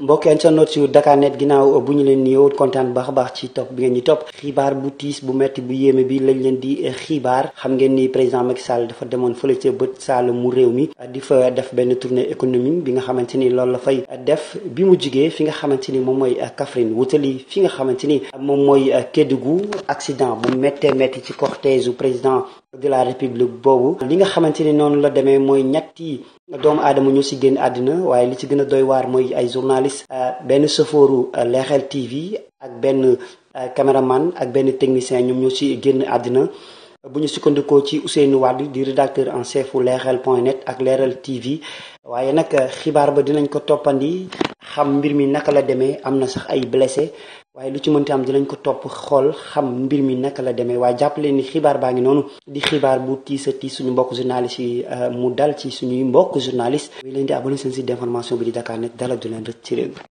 mbokk internet yu Dakar Net ginnaaw leen nuyoo kontaan baax a baax ci topp bi ngeen ñu topp xibaar bu tiis bu metti bu yéeme bi lañ leen di xibaar xam ngeen ni président Macky Sall dafa demoon fële ca bët Sall mu réew mi di def benn tournée économique bi nga xamante ni loolu la fay def bi mu jigee fi nga xamante ni moom mooy Kaffrine wutali fi nga xamante ni moom mooy Kédougou accident bu méttee métti ci cortège président de la république boobu li nga xamante ni noonu la demee mooy ñetti doomu aadama ñoo si génn àddina waaye li ci gën a doy waar mooy ay journaliste Euh, benn sofooru euh, Leral TV ak benn euh, caméraman ak benn technicien ñoom ñoo ci génn àddina bu ñu sukkandikoo ci Ousseynou Wade di rédacteur en chef u point net ak Leral TV waaye nag xibaar ba dinañ ko toppandi xam mbir mi naka la demee am na sax ay blessé waaye lu ci mënti am dinañ ko topp xool xam mbir mi naka la demee waaye jàppale ni xibaar baa ngi noonu di xibaar bu tiisa tiis suñu mbokk journaliste yi euh, mu dal ci suñuy mbokk journaliste. wi leen di abonné seen d'information bi di Dakar ne dara du leen rëcc ci